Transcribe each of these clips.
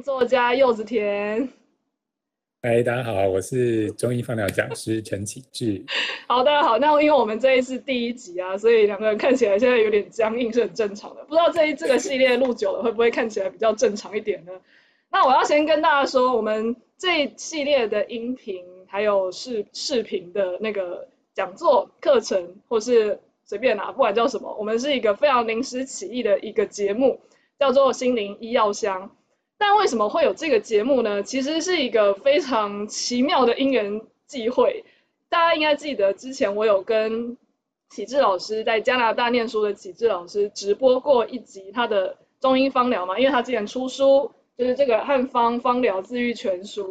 作家柚子甜，嗨，大家好，我是中醫芳療講師陳啟志。 好的，大家好。那因為我們這一次第一集啊，所以兩個人看起來現在有點僵硬，是很正常的。不知道這一這個系列錄久了會不會看起來比較正常一點呢？那我要先跟大家說，我們這一系列的音頻還有視視頻的那個講座課程，或是隨便啊，不管叫什麼，我們是一個非常臨時起意的一個節目，叫做心靈醫藥箱。但為什麼會有這個節目呢？其實是一個非常奇妙的因緣際會。大家應該記得之前我有跟啟志老師在加拿大念書的啟志老師直播過一集他的中醫芳療嘛。因為他之前出書就是這個《漢方芳療治癒全書》。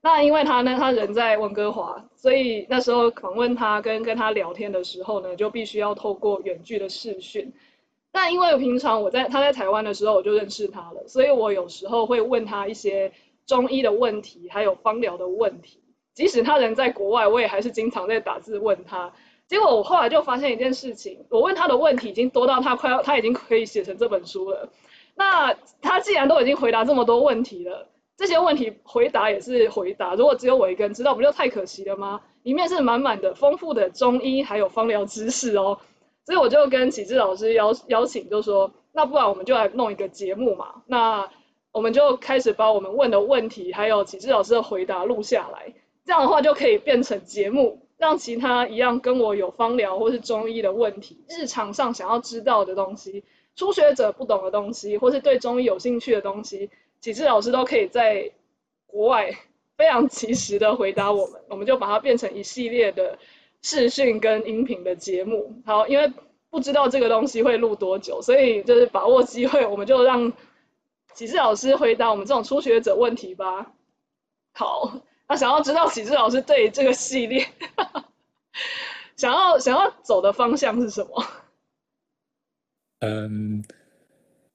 那因為他呢，他人在溫哥華，所以那時候訪問他跟跟他聊天的時候呢，就必須要透過遠距的視訊。那因為平常我在他在台灣的時候我就認識他了，所以我有時候會問他一些中醫的問題，還有芳療的問題。即使他人在國外，我也還是經常在打字問他。結果我後來就發現一件事情，我問他的問題已經多到他快要他已經可以寫成這本書了。那他既然都已經回答這麼多問題了，這些問題回答也是回答，如果只有我一個人知道，不就太可惜了嗎？裡面是滿滿的豐富的中醫還有芳療知識哦。所以我就跟啟志老師邀邀請，就說，那不然我們就來弄一個節目嘛。那我們就開始把我們問的問題，還有啟志老師的回答錄下來，這樣的話就可以變成節目，讓其他一樣跟我有芳療或是中醫的問題，日常上想要知道的東西，初學者不懂的東西，或是對中醫有興趣的東西，啟志老師都可以在國外非常及時的回答我們。我們就把它變成一系列的。視訊跟音頻的節目，好，因為不知道這個東西會錄多久，所以就是把握機會，我們就讓啟志老師回答我們這種初學者問題吧。好，那想要知道啟志老師對這個系列，想要想要走的方向是什麼？嗯，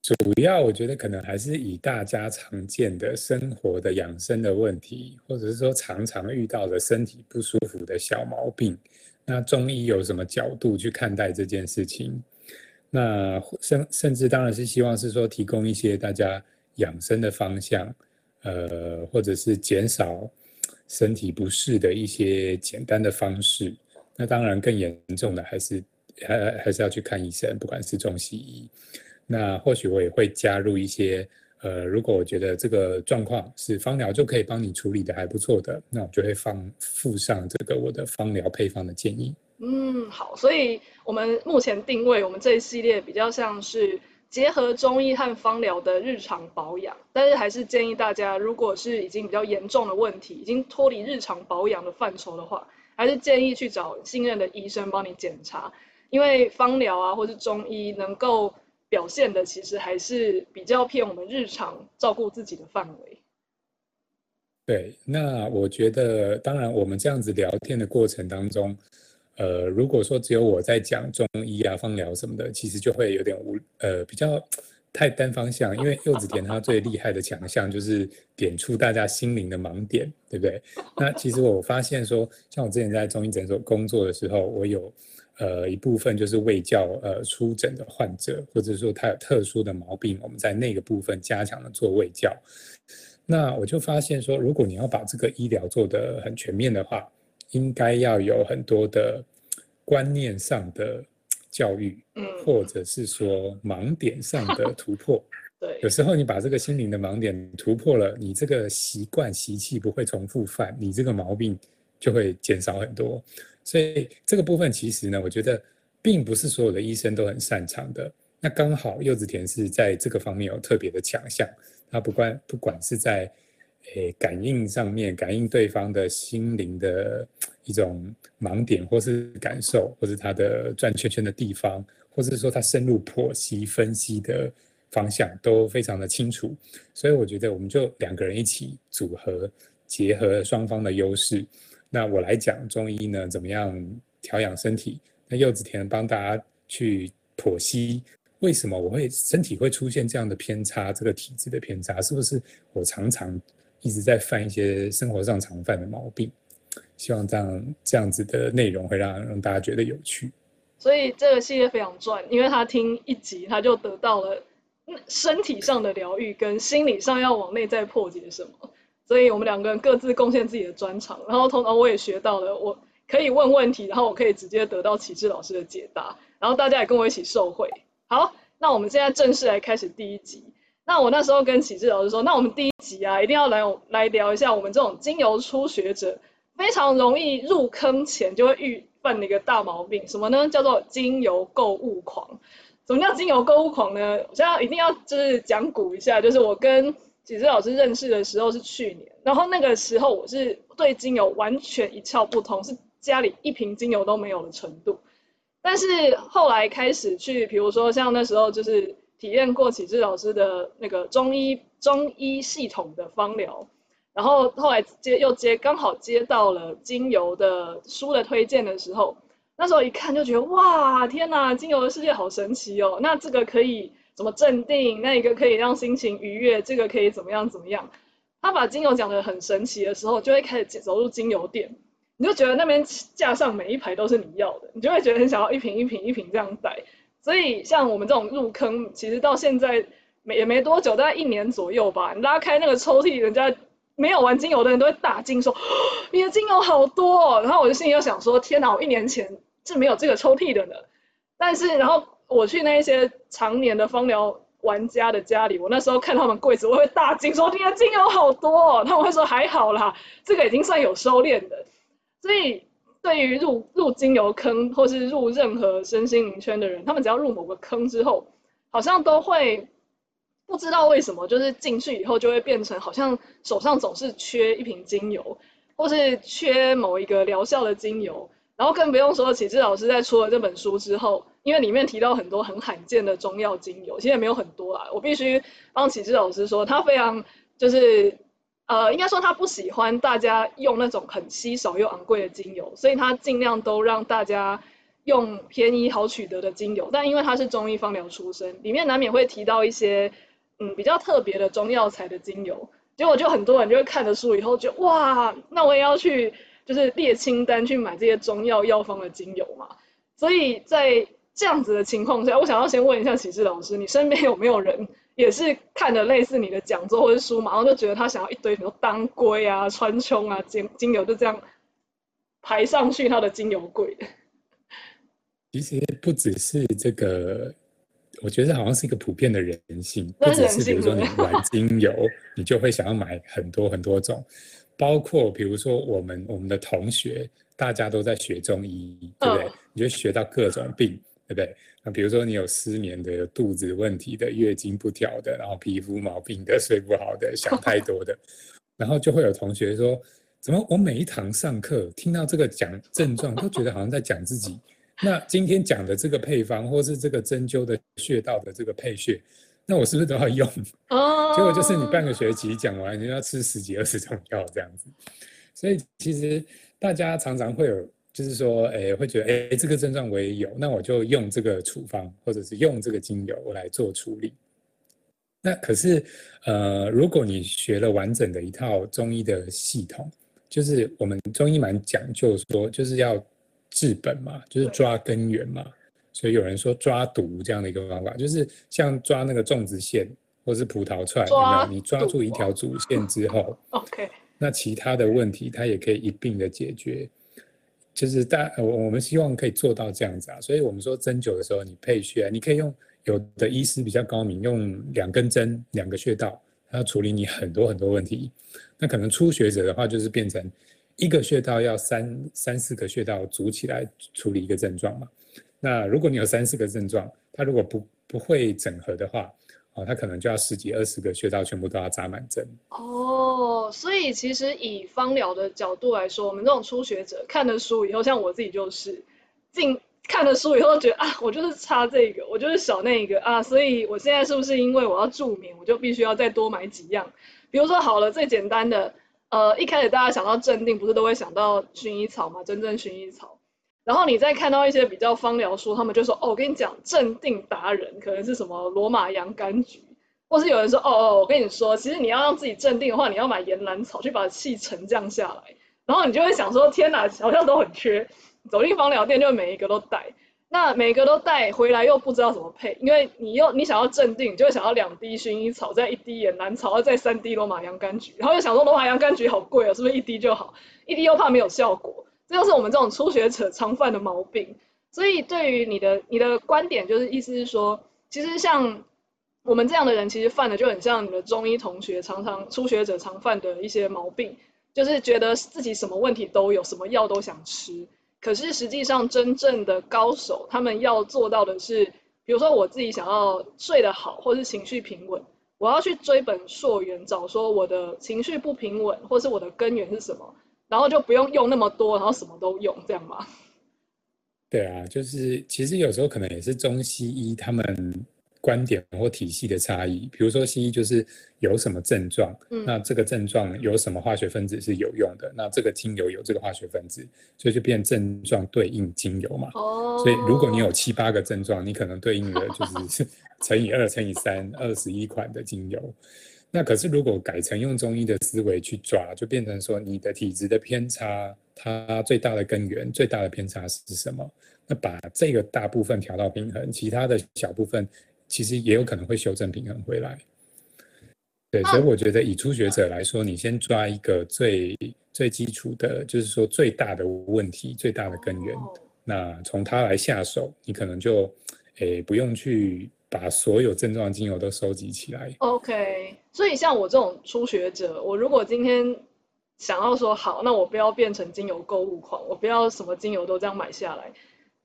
主要我覺得可能還是以大家常見的生活的養生的問題，或者是說常常遇到的身體不舒服的小毛病，那中醫有什麼角度去看待這件事情？那甚甚至當然是希望是說，提供一些大家養生的方向，呃，或者是減少身體不適的一些簡單的方式。那當然更嚴重的還是還還是要去看醫生，不管是中西醫。那或許我也會加入一些。呃，如果我覺得這個狀況是芳療就可以幫你處理的還不錯的，那我就會放附上這個我的芳療配方的建議。嗯，好，所以我們目前定位我們這一系列比較像是結合中醫和芳療的日常保養，但是還是建議大家，如果是已經比較嚴重的問題，已經脫離日常保養的範疇的話，還是建議去找信任的醫生幫你檢查，因為芳療啊或是中醫能夠。表現的其實還是比較偏我們日常照顧自己的範圍。對，那我覺得，當然我們這樣子聊天的過程當中，呃，如果說只有我在講中醫啊、芳療什麼的，其實就會有點無，呃，比較太單方向。因為柚子甜他最厲害的強項就是點出大家心靈的盲點， 對不對？那其實我發現說，像我之前在中醫診所工作的時候，我有。呃，一部分就是衛教，呃，出診的患者，或者說他有特殊的毛病，我們在那個部分，加強了做衛教。那我就發現說，如果你要把這個醫療做得很全面的話，應該要有很多的觀念上的教育，或者是說盲點上的突破。嗯、 對，有時候你把這個心靈的盲點突破了，你這個習慣習氣不會重複犯，你這個毛病就會減少很多。所以這個部分其實呢，我覺得並不是所有的醫生都很擅長的。那剛好柚子甜是在這個方面有特別的強項，他不管不管，是在，誒感應上面，感應對方的心靈的一種盲點，或是感受，或是他的轉圈圈的地方，或是說他深入剖析分析的方向都非常的清楚。所以我覺得我們就兩個人一起組合，結合雙方的優勢。那我來講中醫呢，怎麼樣調養身體？那柚子甜幫大家去剖析為什麼我會身體會出現這樣的偏差，這個體質的偏差是不是我常常一直在犯一些生活上常犯的毛病？希望這樣這樣子的內容會讓讓大家覺得有趣。所以這個系列非常賺，因為他聽一集他就得到了身體上的療癒，跟心理上要往內在破解什麼。所以我們兩個人各自貢獻自己的專長，然後通常我也學到了，我可以問問題，然後我可以直接得到啟志老師的解答，然後大家也跟我一起受惠。好，那我們現在正式來開始第一集。那我那時候跟啟志老師說，那我們第一集啊，一定要來來聊一下我們這種精油初學者，非常容易入坑前就會預犯的一個大毛病，什麼呢？叫做精油購物狂。什麼叫精油購物狂呢？我現在一定要就是講古一下，就是我跟啟志老師認識的時候是去年，然後那個時候我是對精油完全一竅不通，是家裡一瓶精油都沒有的程度。但是後來開始去，比如說像那時候就是體驗過啟志老師的那個中醫中醫系統的芳療，然後後來接又接剛好接到了精油的書的推薦的時候，那時候一看就覺得，哇，天哪啊，精油的世界好神奇哦，那這個可以。怎麼鎮定？那一個可以讓心情愉悅，這個可以怎麼樣怎麼樣？他把精油講得很神奇的時候，就會開始走入精油店，你就覺得那邊架上每一排都是你要的，你就會覺得很想要一瓶一瓶一瓶這樣擺。所以像我們這種入坑，其實到現在沒也沒多久，大概一年左右吧。你拉開那個抽屜，人家沒有玩精油的人都會大驚說，你的精油好多哦。然後我就心裡又想說，天哪，我一年前是沒有這個抽屜的呢。但是然後。我去那一些常年的芳療玩家的家裡，我那時候看他們櫃子，我會大驚說：“天啊，你的精油好多哦！”他們會說：“還好啦，這個已經算有收斂的。”所以對於入入精油坑或是入任何身心靈圈的人，他們只要入某個坑之後，好像都會不知道為什麼，就是進去以後就會變成好像手上總是缺一瓶精油，或是缺某一個療效的精油。然後更不用說啟志老師在出了這本書之後，因為裡面提到很多很罕見的中藥精油，其實也沒有很多啦。我必須幫啟志老師說，他非常就是呃，應該說他不喜歡大家用那種很稀少又昂貴的精油，所以他盡量都讓大家用便宜好取得的精油。但因為他是中醫芳療出身，裡面難免會提到一些嗯比較特別的中藥材的精油。結果就很多人就會看了書以後就哇，那我也要去。就是列清單去買這些中藥藥方的精油嘛，所以在這樣子的情況下，我想要先問一下啟志老師，你身邊有沒有人也是看了類似你的講座或者書嘛，然後就覺得他想要一堆什麼當歸啊、川芎啊、精精油就這樣排上去他的精油櫃。其實不只是這個，我覺得好像是一個普遍的人性，不只是比如說你買精油，你就會想要買很多很多種。包括比如說我們我們的同學，大家都在學中醫，對不對？你就學到各種病，對不對？那比如說你有失眠的，有肚子問題的，月經不調的，然後皮膚毛病的，睡不好的，想太多的，然後就會有同學說：怎麼我每一堂上課聽到這個講症狀，都覺得好像在講自己。那今天講的這個配方，或是這個針灸的穴道的這個配穴，那我是不是都要用？哦、Oh.，結果就是你半個學期講完，你要吃十幾二十種藥這樣子。所以其實大家常常會有，就是說，哎，會覺得，哎，這個症狀我也有，那我就用這個處方，或者是用這個精油來做處理。那可是，呃，如果你學了完整的一套中醫的系統，就是我們中醫蠻講究說，就是要治本嘛，就是抓根源嘛。Oh. 所以有人說，抓毒這樣的一個方法，就是像抓那個粽子線，或是葡萄串，抓有沒有你抓住一條主線之後，哦、 ，OK，那其他的問題它也可以一併的解決，就是大我我們希望可以做到這樣子啊，所以我們說針灸的時候，你配穴、啊，你可以用有的醫師比較高明，用兩根針兩個穴道，要處理你很多很多問題。那可能初學者的話，就是變成一個穴道要三三四個穴道組起來處理一個症狀嘛。那如果你有三四個症狀，他如果不不會整合的話，啊、哦，他可能就要十幾二十個穴道全部都要扎滿針。哦，所以其實以芳療的角度來說，我們這種初學者看了書以後，像我自己就是，進看了書以後覺得啊，我就是差這個，我就是少那個啊，所以我現在是不是因為我要助眠，我就必須要再多買幾樣？比如說好了，最簡單的，呃，一開始大家想到鎮定，不是都會想到薰衣草嗎？真正薰衣草。然後你再看到一些比較芳療書，他們就說哦，我跟你講，鎮定達人可能是什麼羅馬洋甘菊，或是有人說哦哦，我跟你說，其實你要讓自己鎮定的話，你要買岩蘭草去把氣沉降下來。然後你就會想說，天哪，好像都很缺，走進芳療店就每一個都帶，那每個都帶回來又不知道怎麼配，因為你又你想要鎮定，你就會想要兩滴薰衣草，再一滴岩蘭草，再三滴羅馬洋甘菊，然後又想說羅馬洋甘菊好貴啊、哦，是不是一滴就好？一滴又怕沒有效果。這就是我們這種初學者常犯的毛病，所以對於你的你的觀點，就是意思是說，其實像我們這樣的人，其實犯的就很像你的中醫同學常常初學者常犯的一些毛病，就是覺得自己什麼問題都有，什麼藥都想吃，可是實際上真正的高手，他們要做到的是，比如說我自己想要睡得好，或是情緒平穩，我要去追本溯源，找說我的情緒不平穩，或是我的根源是什麼，然後就不用用那麼多，然後什麼都用這樣嗎？對啊，就是其實有時候可能也是中西醫他們觀點或體系的差異。比如說西醫就是有什麼症狀、嗯，那這個症狀有什麼化學分子是有用的，那這個精油有這個化學分子，所以就變症狀對應精油嘛。哦。所以如果你有七八個症狀，你可能對應的就是 乘以二乘以三，二十一款的精油。那可是，如果改成用中醫的思維去抓，就變成說你的體質的偏差，它最大的根源、最大的偏差是什麼？那把這個大部分調到平衡，其他的小部分其實也有可能會修正平衡回來。對，所以我覺得以初學者來說，你先抓一個最最基礎的，就是說最大的問題、最大的根源，那從它來下手，你可能就誒、欸、不用去。把所有症狀精油都收集起來。OK，所以像我這種初學者，我如果今天想要說好，那我不要變成精油購物狂，我不要什麼精油都這樣買下來。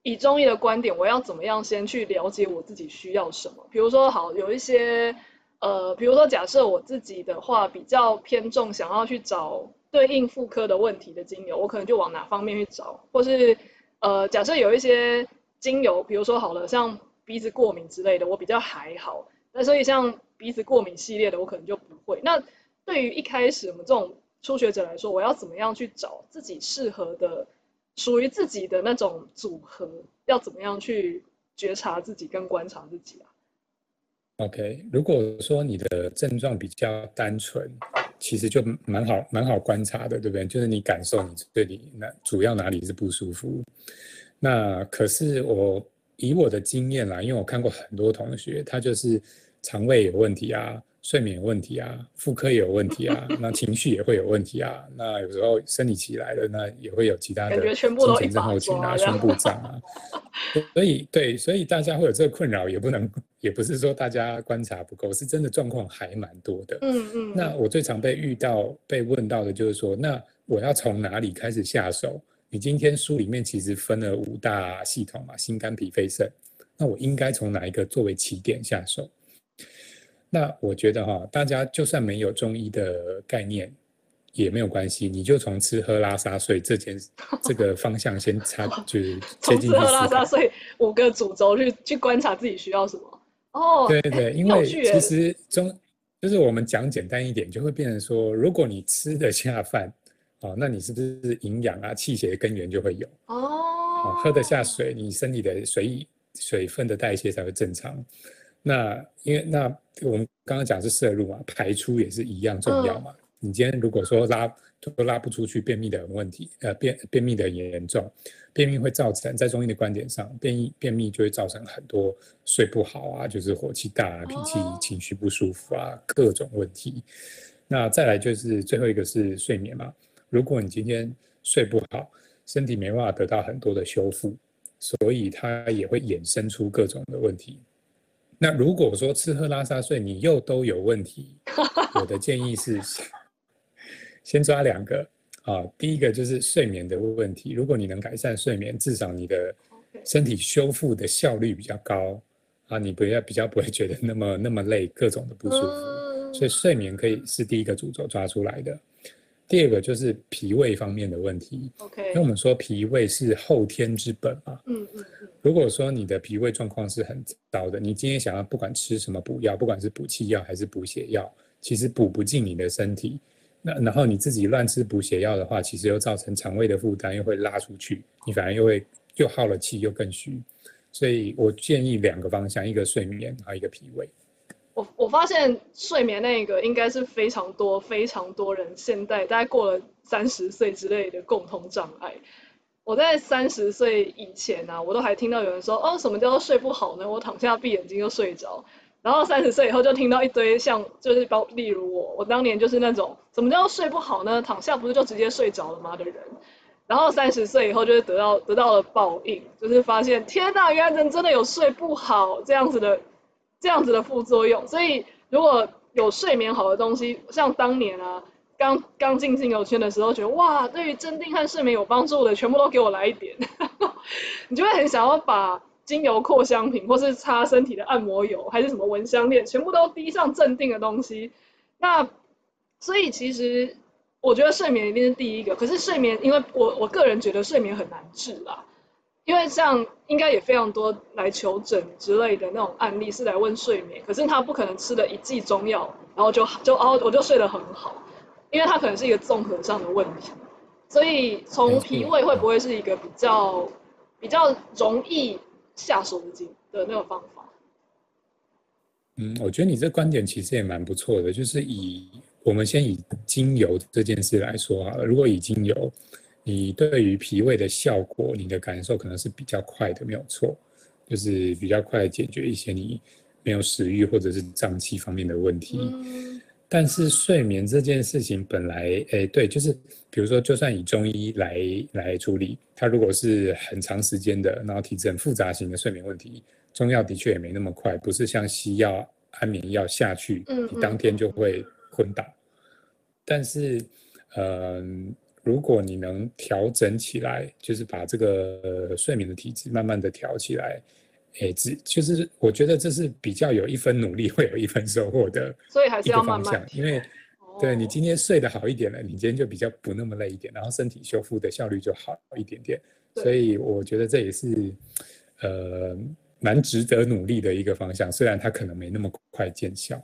以中醫的觀點，我要怎麼樣先去了解我自己需要什麼？比如說好，好有一些呃，比如說假設我自己的話比較偏重，想要去找對應婦科的問題的精油，我可能就往哪方面去找？或是呃，假設有一些精油，比如說好了，像。鼻子過敏之類的，我比較還好。那所以像鼻子過敏系列的，我可能就不會。那對於一開始我們這種初學者來說，我要怎麼樣去找自己適合的、屬於自己的那種組合？要怎麼樣去覺察自己跟觀察自己啊？OK，如果說你的症狀比較單純，其實就蠻好、蠻好觀察的，對不對？就是你感受你這裡那主要哪裡是不舒服。那可是我。以我的經驗來，因為我看過很多同學，他就是腸胃有問題啊，睡眠有問題啊，婦科也有問題啊，那情緒也會有問題啊， 那有時候生理期來了，那也會有其他的心情不好、氣啊、胸部障啊。 所以，對，所以大家會有這個困擾，也不能，也不是說大家觀察不夠，是真的狀況還蠻多的。嗯嗯。那我最常被遇到、被問到的就是說，那我要從哪裡開始下手？你今天書裡面其實分了五大系統嘛，心肝脾肺腎。那我應該從哪一個作為起點下手？那我覺得哈，大家就算沒有中醫的概念也沒有關係，你就從吃喝拉撒睡這件 這個方向先插，就是從吃， 吃喝拉撒睡五個主軸去去觀察自己需要什麼。哦，對對，欸、因為、欸、其實中就是我們講簡單一點，就會變成說，如果你吃得下飯。哦，那你是不是營養啊？氣血的根源就會有、oh. 哦，喝得下水，你身體的水水分的代謝才會正常。那因為那我們剛剛講的是攝入嘛，排出也是一樣重要嘛。Oh. 你今天如果說拉都拉不出去，便秘的問題，呃，便便秘的很嚴重，便秘會造成在中醫的觀點上，便秘便秘就會造成很多睡不好啊，就是火氣大啊，oh. 脾氣情緒不舒服啊，各種問題。Oh. 那再來就是最後一個是睡眠嘛。如果你今天睡不好，身體沒辦法得到很多的修復，所以它也會衍生出各種的問題。那如果說吃喝拉撒睡你又都有問題，我的建議是先抓兩個啊，第一個就是睡眠的問題。如果你能改善睡眠，至少你的身體修復的效率比較高啊，你不要比較不會覺得那麼那麼累，各種的不舒服。所以睡眠可以是第一個主軸抓出來的。第二個就是脾胃方面的問題。OK，那我們說脾胃是後天之本嘛。嗯嗯。如果說你的脾胃狀況是很糟的，你今天想要不管吃什麼補藥，不管是補氣藥還是補血藥，其實補不進你的身體。那然後你自己亂吃補血藥的話，其實又造成腸胃的負擔，又會拉出去，你反而又會又耗了氣，又更虛。所以我建議兩個方向：一個睡眠，還有一個脾胃。我我發現睡眠那個應該是非常多非常多人現在大概過了三十歲之類的共同障礙。我在三十歲以前啊，我都還聽到有人說哦，什麼叫做睡不好呢？我躺下閉眼睛就睡着。然後三十歲以後就聽到一堆像，就是包，例如我，我當年就是那種什麼叫做睡不好呢？躺下不是就直接睡着了嗎的人。然後三十歲以後就是得到得到了報應，就是發現天吶，原來人真的有睡不好這樣子的。這樣子的副作用，所以如果有睡眠好的東西，像當年啊，剛剛進精油圈的時候，覺得哇，對於鎮定和睡眠有幫助的，全部都給我來一點， 你就會很想要把精油擴香瓶，或是擦身體的按摩油，還是什麼蚊香片，全部都滴上鎮定的東西。那所以其實我覺得睡眠一定是第一個，可是睡眠，因為我我個人覺得睡眠很難治啦。因為像應該也非常多來求診之類的那種案例是來問睡眠，可是他不可能吃了一劑中藥，然後就就哦我就睡得很好，因為他可能是一個綜合上的問題，所以從脾胃會不會是一個比較比較容易下手的的那種方法？嗯，我覺得你這觀點其實也蠻不錯的，就是以我們先以精油這件事來說好，如果以精油……你對於脾胃的效果，你的感受可能是比較快的，沒有錯，就是比較快解決一些你沒有食欲或者是脹氣方面的問題。嗯。但是睡眠這件事情本來，誒，對，就是比如說，就算以中醫來來處理，它如果是很長時間的，然後體質很複雜型的睡眠問題，中藥的確也沒那麼快，不是像西藥安眠藥下去，你當天就會昏倒。嗯嗯嗯。但是，嗯，呃。如果你能調整起來，就是把這個睡眠的體質慢慢的調起來，誒，只就是我覺得這是比較有一分努力會有一分收穫的，所以還是要慢慢調，因為、哦、對，你今天睡得好一點了，你今天就比較不那麼累一點，然後身體修復的效率就好一點點，所以我覺得這也是呃蠻值得努力的一個方向，雖然它可能沒那麼快見效。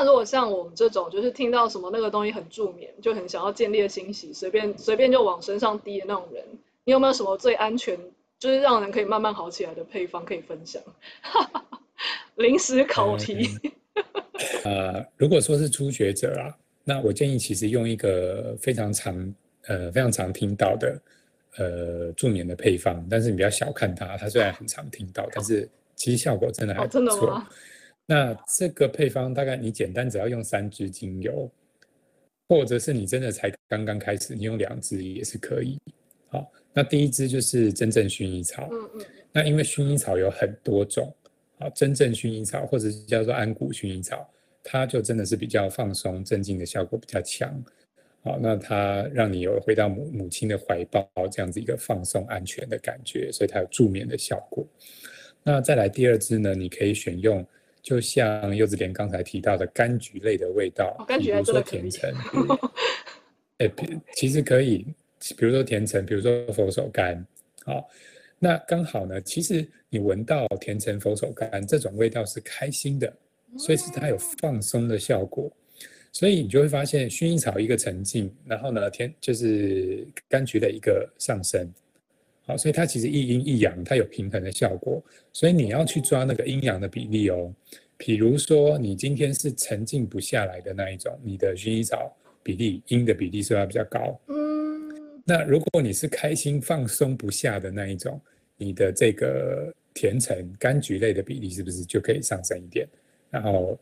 那如果像我們這種，就是聽到什麼那個東西很助眠，就很想要建立的信息，隨便隨便就往身上滴的那種人，你有沒有什麼最安全，就是讓人可以慢慢好起來的配方可以分享？臨 時考題，嗯嗯呃。如果說是初學者啊，那我建議其實用一個非常常、呃、非常常聽到的，呃、助眠的配方，但是你不要小看它，它雖然很常聽到，啊、但是其實效果真的還不錯那這個配方大概你簡單只要用三支精油，或者是你真的才剛剛開始，你用兩支也是可以。好，那第一支就是真正薰衣草，那因為薰衣草有很多種，好，真正薰衣草或者是叫做安古薰衣草，它就真的是比較放鬆、鎮靜的效果比較強。好，那它讓你有回到母母親的懷抱這樣子一個放鬆、安全的感覺，所以它有助眠的效果。那再來第二支呢，你可以選用。就像柚子甜剛才提到的柑橘類的味道，哦、比如說甜橙，哎、 欸，其實可以，比如說甜橙，比如說佛手柑，好、哦，那剛好呢，其實你聞到甜橙、佛手柑這種味道是開心的，所以是它有放鬆的效果、嗯，所以你就會發現薰衣草一個沉靜，然後呢，甜，就是柑橘的一個上升。好，所以它其實一陰一陽，它有平衡的效果。所以你要去抓那個陰陽的比例哦。比如說，你今天是沉靜不下來的那一種，你的薰衣草比例陰的比例是要比較高、嗯？那如果你是開心放鬆不下的那一種，你的這個甜橙柑橘類的比例是不是就可以上升一點？然後，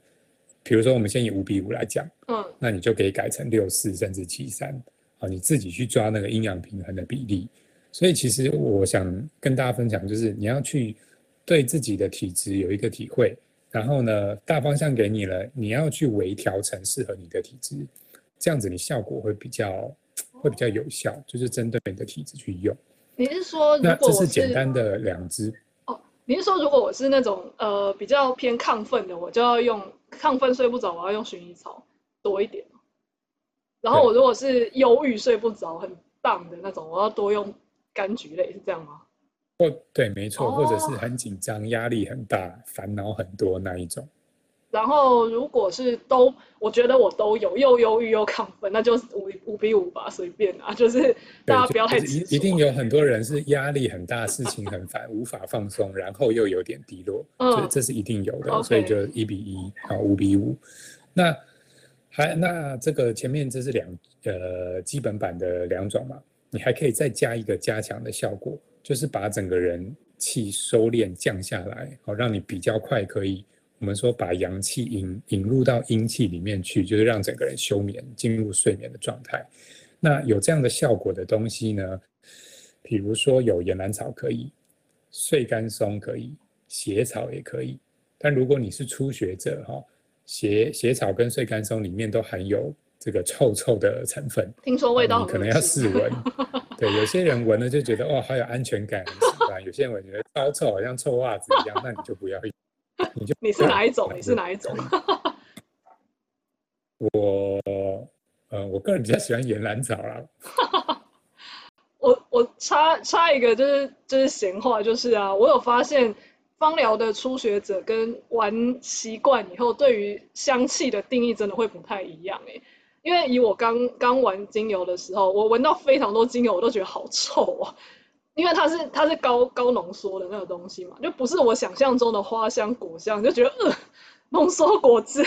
比如說我們先以五比五來講、嗯，那你就可以改成六四甚至七三。好，你自己去抓那個陰陽平衡的比例。所以其實我想跟大家分享，就是你要去對自己的體質有一個體會，然後呢，大方向給你了，你要去微調成適合你的體質，這樣子你效果會比較會比較有效。哦，就是針對你的體質去用。你是說，如果是，這是簡單的兩支？哦？你是說，如果我是那種呃比較偏亢奮的，我就要用亢奮睡不着，我要用薰衣草多一點。然後我如果是憂鬱睡不着，很蕩的那種，我要多用。柑橘類是這樣嗎？或對，沒錯，或者是很緊張、oh. 壓力很大、煩惱很多那一種。然後如果是都，我覺得我都有，又憂鬱又亢奮，那就是五五比五吧，隨便啊，就是大家不要太急，就是，一定有很多人是壓力很大、事情很煩、 無法放鬆，然後又有點低落， 所以這是一定有的，oh. 所以就一比一啊，五比五。那還那這個前面這是兩呃基本版的兩種嘛？你還可以再加一個加強的效果，就是把整個人氣收斂降下來，好、哦、讓你比較快可以，我們說把陽氣引引入到陰氣裡面去，就是讓整個人休眠進入睡眠的狀態。那有這樣的效果的東西呢，比如說有岩蘭草可以，穗甘松可以，纈草也可以。但如果你是初學者哈，纈、哦、纈草跟穗甘松裡面都含有。這個臭臭的成分，聽說味道、嗯嗯、可能要試聞。 對，有些人聞了就覺得哇、哦，好有安全感， 有些人聞覺得臭臭，好像臭襪子一樣， 那你就不要。你 就你是哪一種？你是哪一種？ 我呃，我個人比較喜歡岩蘭草啦。我我插插一個，就是就是閒話，就是啊，我有發現，芳療的初學者跟玩習慣以後，對於香氣的定義真的會不太一樣、欸因為以我剛剛玩精油的時候，我聞到非常多精油，我都覺得好臭啊！因為它是它是高高濃縮的那個東西嘛，就不是我想象中的花香果香，就覺得呃濃縮果汁，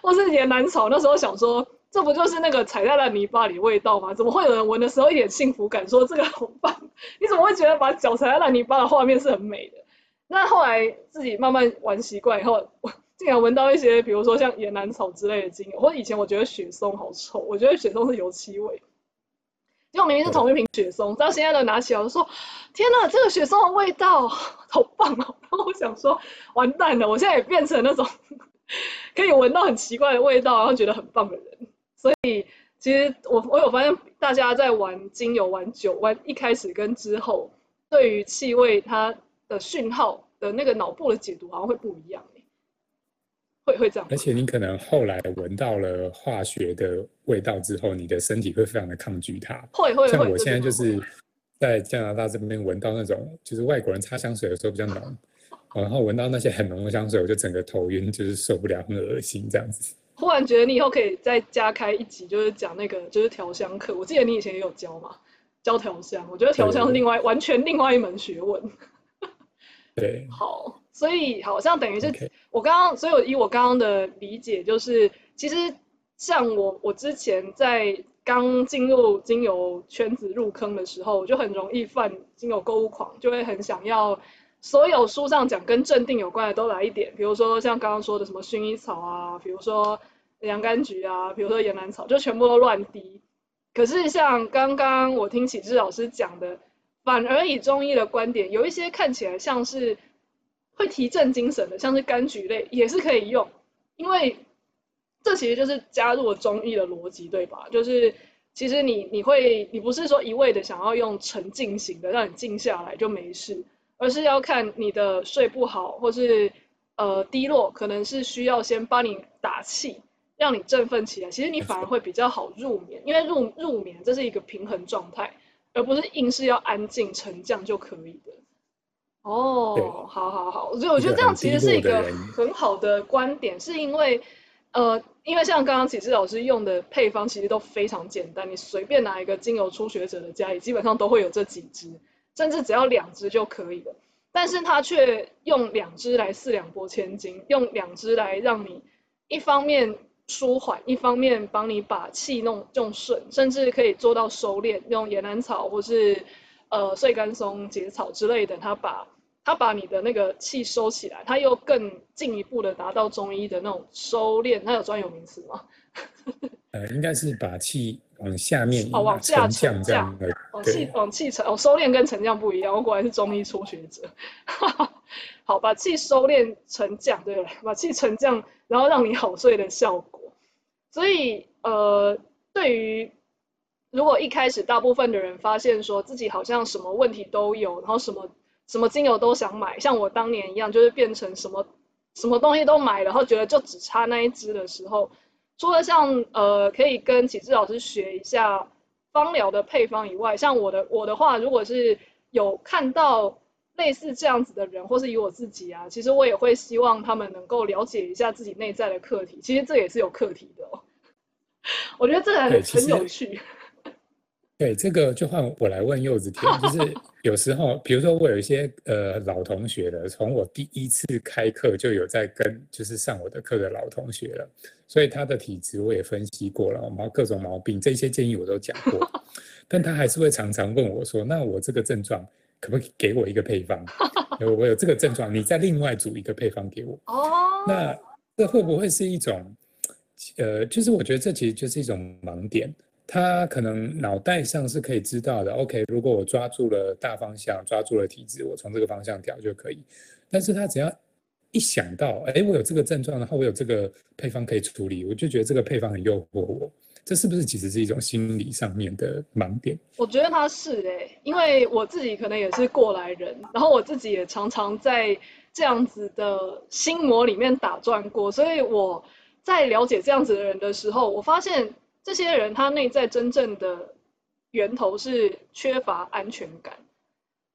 或是岩蘭草，那時候想說，這不就是那個踩在爛泥巴裡味道嗎？怎麼會有人聞的時候一點幸福感說？說這個好棒，你怎麼會覺得把腳踩在爛泥巴的畫面是很美的？那後來自己慢慢玩習慣以後，竟然聞到一些，比如說像岩蘭草之類的精油。我以前我覺得雪松好臭，我覺得雪松是油漆味。結果明明是同一瓶雪松，到現在都拿起來，我就說：天哪，這個雪松的味道好棒哦！然後我想說：完蛋了，我現在也變成那種可以聞到很奇怪的味道，然後覺得很棒的人。所以其實我我有發現，大家在玩精油、玩久、玩一開始跟之後，對於氣味它的訊號的那個腦部的解讀，好像會不一樣欸。會會這樣，而且你可能後來聞到了化學的味道之後，你的身體會非常的抗拒它。會會,會像我現在就是在，會會就是、在加拿大這邊聞到那種，就是外國人擦香水的時候比較濃， 然後聞到那些很濃的香水，我就整個頭暈，就是受不了，很噁心這樣子。忽然覺得你以後可以再加開一集，就是講那個就是調香課。我記得你以前也有教嘛，教調香。我覺得調香是另外完全另外一門學問。 對。好，所以好像等於是、okay.。我剛剛，所以我以我剛剛的理解，就是其實像我我之前在剛進入精油圈子、入坑的時候，我就很容易犯精油購物狂，就會很想要所有書上講跟鎮定有關的都來一點，比如說像剛剛說的什麼薰衣草啊，比如說洋甘菊啊，比如說岩蘭草，就全部都亂滴。可是像剛剛我聽啟志老師講的，反而以中醫的觀點，有一些看起來像是。會提振精神的，像是柑橘類也是可以用，因為這其實就是加入了中醫的邏輯，對吧？就是其實你你會你不是說一味的想要用沉靜型的讓你靜下來就沒事，而是要看你的睡不好或是呃低落，可能是需要先幫你打氣，讓你振奮起來。其實你反而會比較好入眠，因為入入眠這是一個平衡狀態，而不是硬是要安靜沉降就可以的。哦，好好好，我覺得我覺得這樣其實是一個很好的觀點，是因為，呃，因為像剛剛啟志老師用的配方其實都非常簡單，你隨便拿一個精油初學者的家裡基本上都會有這幾支，甚至只要兩支就可以了。但是它卻用兩支來四兩撥千斤，用兩支來讓你一方面舒緩，一方面幫你把氣弄用順，甚至可以做到收斂，用岩蘭草或是。呃，碎甘松、節草之類的，它把它把你的那個氣收起來，它又更進一步的達到中醫的那種收斂。它有專有名詞嗎？ 呃，應該是把氣往下面哦，往下降，對，往氣往氣沉哦，收斂跟沉降不一樣。我果然是中醫初學者。 好，把氣收斂沉降，對吧？把氣沉降，然後讓你好睡的效果。所以，呃，對於。如果一開始，大部分的人發現說自己好像什麼問題都有，然後什麼什麼精油都想買，像我當年一樣，就是變成什麼什麼東西都買，然後覺得就只差那一支的時候，除了像呃可以跟啟志老師學一下芳療的配方以外，像我的我的話，如果是有看到類似這樣子的人，或是以我自己啊，其實我也會希望他們能夠了解一下自己內在的課題，其實這也是有課題的哦，我覺得這個很很有趣。對，這個就換我來問柚子甜，就是有時候，比如說我有一些呃老同學的，從我第一次開課就有在跟，就是上我的課的老同學了，所以他的體質我也分析過了，毛各種毛病，這些建議我都講過，但他還是會常常問我說，那我這個症狀可不可以給我一個配方？我有這個症狀，你再另外組一個配方給我。那這會不會是一種呃，就是我覺得這其實就是一種盲點。他可能腦袋上是可以知道的，OK。如果我抓住了大方向，抓住了體質，我從這個方向調就可以。但是他只要一想到，哎，我有這個症狀，然後我有這個配方可以處理，我就覺得這個配方很誘惑我。這是不是其實是一種心理上面的盲點？我覺得他是誒、欸，因為我自己可能也是過來人，然後我自己也常常在這樣子的心魔裡面打轉過，所以我在了解這樣子的人的時候，我發現。這些人他內在真正的源頭是缺乏安全感，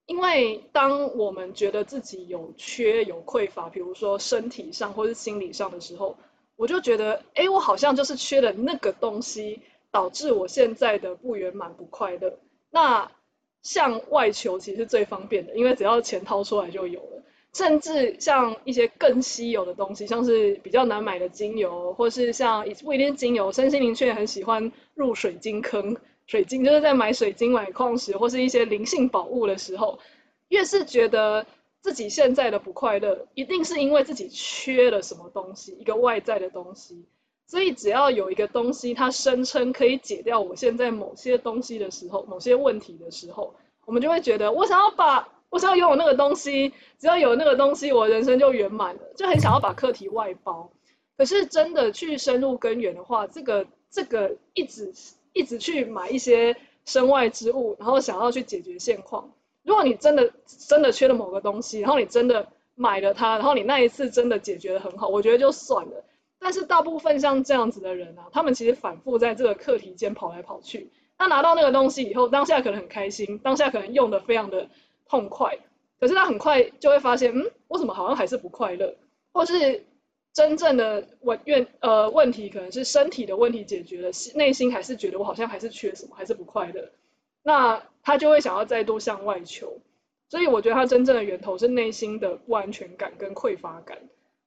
因為當我們覺得自己有缺有匱乏，比如說身體上或是心理上的時候，我就覺得，哎、欸，我好像就是缺了那個東西，導致我現在的不圓滿不快樂。那向外求其實最方便的，因為只要錢掏出來就有了。甚至像一些更稀有的東西，像是比較難買的精油，或是像不一定是精油，身心靈卻很喜歡入水晶坑。水晶就是在買水晶買時，買礦石或是一些靈性寶物的時候，越是覺得自己現在的不快樂，一定是因為自己缺了什麼東西，一個外在的東西。所以只要有一個東西，它聲稱可以解掉我現在某些東西的時候、某些問題的時候，我們就會覺得我想要把。我只要擁有那個東西，只要有那個東西，我人生就圓滿了，就很想要把課題外包。可是真的去深入根源的話，這個這個一直一直去買一些身外之物，然後想要去解決現況。如果你真的真的缺了某個東西，然後你真的買了它，然後你那一次真的解決得很好，我覺得就算了。但是大部分像這樣子的人啊，他們其實反覆在這個課題間跑來跑去。那拿到那個東西以後，當下可能很開心，當下可能用得非常的。痛快，可是他很快就會發現，嗯，我怎麼好像還是不快樂？或是真正的問問呃問題，可能是身體的問題解決了，內心還是覺得我好像還是缺什麼，還是不快樂。那他就會想要再多向外求，所以我覺得他真正的源頭是內心的不安全感跟匱乏感。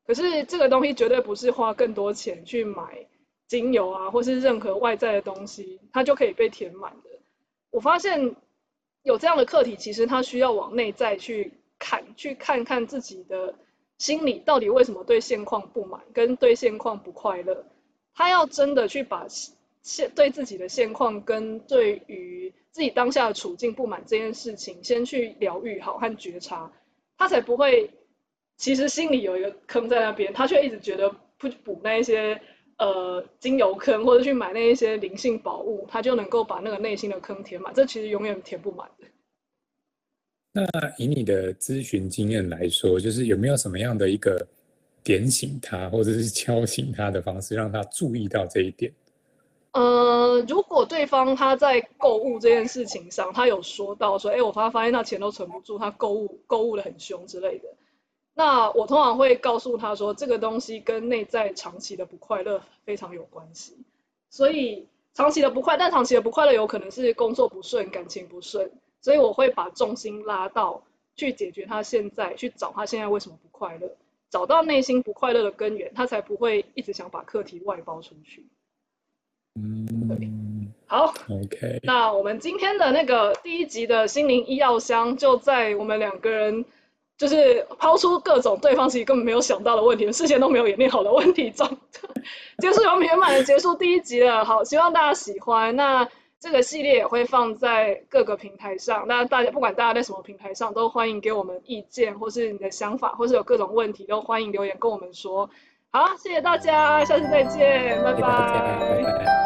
可是這個東西絕對不是花更多錢去買精油啊，或是任何外在的東西，它就可以被填滿的。我發現。有這樣的課題，其實他需要往內在去看，去看看自己的心裡到底為什麼對現況不滿，跟對現況不快樂。他要真的去把現對自己的現況跟對於自己當下的處境不滿這件事情，先去療癒好和覺察，他才不會其實心裡有一個坑在那邊，他卻一直覺得不補那些。呃，精油坑或者去買那一些靈性寶物，他就能夠把那個內心的坑填滿，這其實永遠填不滿的。那以你的諮詢經驗來說，就是有沒有什麼樣的一個點醒他，或者是敲醒他的方式，讓他注意到這一點？呃，如果對方他在購物這件事情上，他有說到說，哎、欸，我發發現他錢都存不住，他購物購物的很凶之類的。那我通常會告訴他說，這個東西跟內在長期的不快樂非常有關係。所以長期的不快，但長期的不快樂有可能是工作不順、感情不順，所以我會把重心拉到去解決他現在，去找他現在為什麼不快樂，找到內心不快樂的根源，他才不會一直想把課題外包出去。嗯，對，好，OK。那我們今天的那個第一集的心靈醫藥箱，就在我們兩個人，就是拋出各種對方其實根本沒有想到的問題，事先都沒有演練好的問題中，結束我們圓滿的結束第一集了。好，希望大家喜歡。那這個系列也會放在各個平台上。那大家不管大家在什麼平台上，都歡迎給我們意見，或是你的想法，或是有各種問題，都歡迎留言跟我們說。好，謝謝大家，下次再見，拜拜。拜拜，拜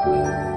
拜。